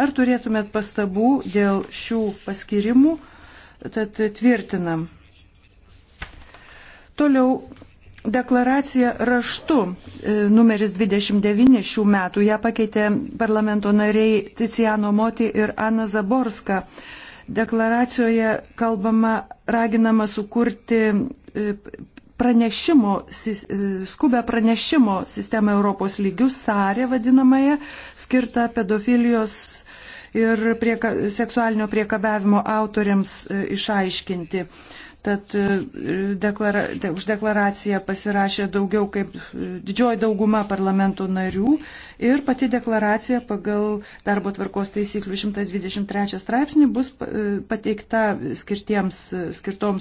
Ar turėtumėt pastabų dėl šių paskirimų? Tad tvirtinam. Toliau Deklaracija raštu e, numeris 29 šių metų ją pakeitė parlamento nariai Ticiano Moti ir Ana Zaborska. Deklaracijoje kalbama, raginama sukurti e, pranešimo, e, skubę pranešimo sistemą Europos lygių, sarė vadinamąją, skirtą pedofilijos ir prieka, seksualinio priekabiavimo autoriams e, išaiškinti. Tad e, deklara, de, už deklaraciją pasirašė daugiau kaip didžioji dauguma parlamento narių ir pati deklaracija pagal darbo tvarkos taisyklių 123 straipsnį bus pateikta skirtiems, skirtoms